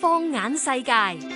放眼世界。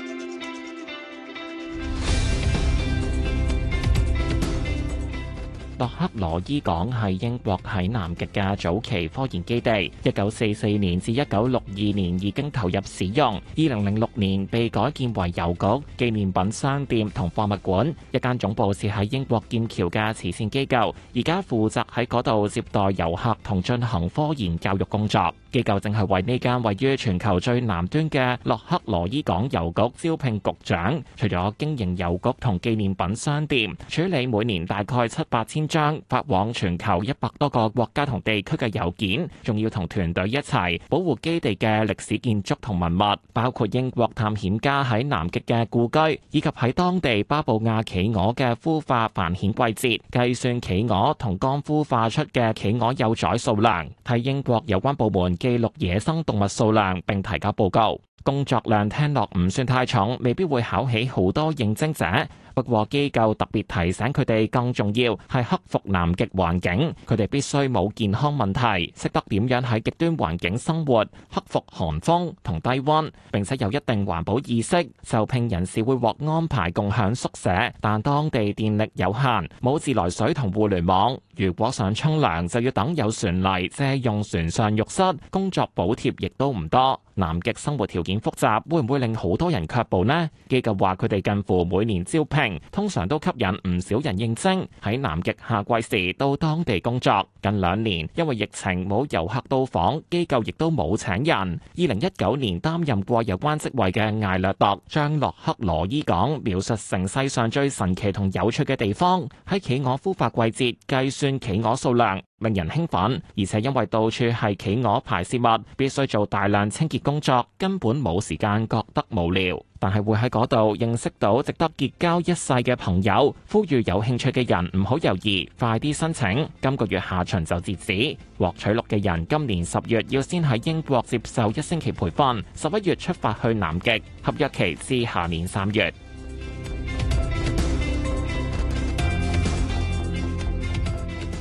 洛克羅伊港係英國喺南極嘅早期科研基地，一九四四年至一九六二年已經投入使用。二零零六年被改建為郵局、紀念品商店同博物館。一間總部設喺英國劍橋嘅慈善機構，而家負責喺嗰度接待遊客同進行科研教育工作。機構正係為呢間位於全球最南端嘅洛克羅伊港郵局招聘局長。除咗經營郵局同紀念品商店，處理每年大概七八千，將發往全球一百多個國家同地區嘅郵件，仲要同團隊一齊保護基地嘅歷史建築同文物，包括英國探險家喺南極嘅故居，以及喺當地巴布亞企鵝嘅孵化繁衍季節，計算企鵝同剛孵化出嘅企鵝幼崽數量，替英國有關部門記錄野生動物數量，並提交報告。工作量聽落唔算太重，未必會考起好多應徵者。不過機構特別提醒佢哋，更重要係克服南極環境。佢哋必須冇健康問題，識得點樣喺極端環境生活，克服寒風同低溫，並且有一定環保意識。受聘人士會獲安排共享宿舍，但當地電力有限，冇自來水同互聯網。如果想沖涼，就要等有船嚟借用船上浴室。工作補貼亦都唔多。南極生活條件複雜，會唔會令好多人卻步呢？機構話佢哋近乎每年招聘。通常都吸引唔少人應徵喺南極夏季時到當地工作。近兩年因為疫情冇遊客到訪，機構亦都冇請人。二零一九年擔任過有關職位嘅艾略特將洛克羅伊港，描述成世上最神奇同有趣嘅地方。喺企鵝孵化季節計算企鵝數量，令人興奮，而且因為到處係企鵝排泄物，必須做大量清潔工作，根本冇時間覺得無聊。但係會喺嗰度認識到值得結交一世嘅朋友，呼籲有興趣嘅人唔好猶豫，快啲申請。今個月下旬就截止，獲取錄嘅人今年十月要先喺英國接受一星期培訓，十一月出發去南極，合約期至下年三月。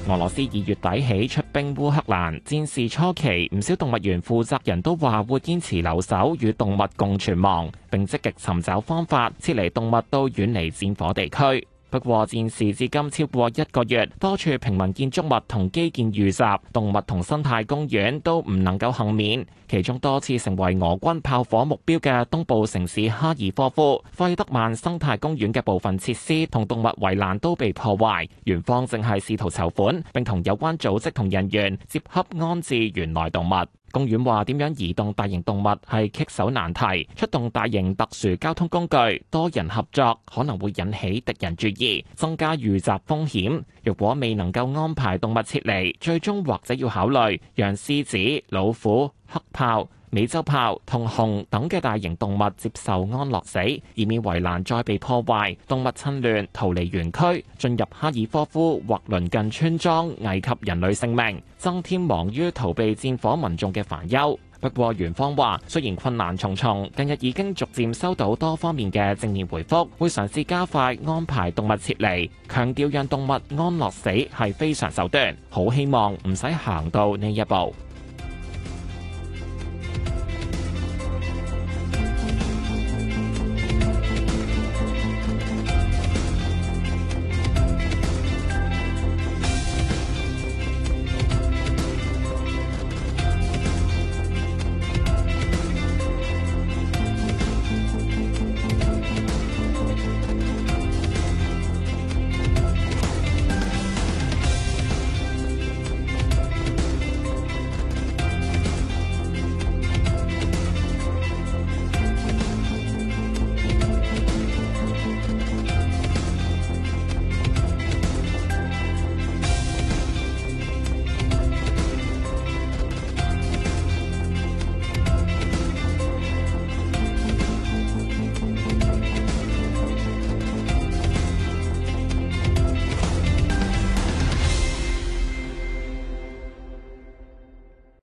俄羅斯二月底起出兵烏克蘭，戰事初期，唔少動物園負責人都話會堅持留守與動物共存亡，並積極尋找方法撤離動物到遠離戰火地區。不過戰事至今超過一個月，多處平民建築物同基建遇襲，動物同生態公園都唔能夠幸免。其中多次成為俄軍炮火目標嘅東部城市哈爾科夫費德曼生態公園嘅部分設施同動物圍欄都被破壞，園方正係試圖籌款並同有關組織同人員接洽安置園內動物。公園話：點樣移動大型動物係棘手難題，出動大型特殊交通工具，多人合作可能會引起敵人注意，增加遇襲風險。若果未能夠安排動物撤離，最終或者要考慮讓獅子、老虎、黑豹、美洲豹同熊等嘅大型動物接受安樂死，以免圍欄再被破壞，動物趁亂逃離園區，進入哈爾科夫或鄰近村莊，危及人類性命，增添忙於逃避戰火民眾嘅煩憂。不過園方話，雖然困難重重，近日已經逐漸收到多方面嘅正面回覆會嘗試加快安排動物撤離，強調讓動物安樂死係非常手段，好希望唔使行到呢一步。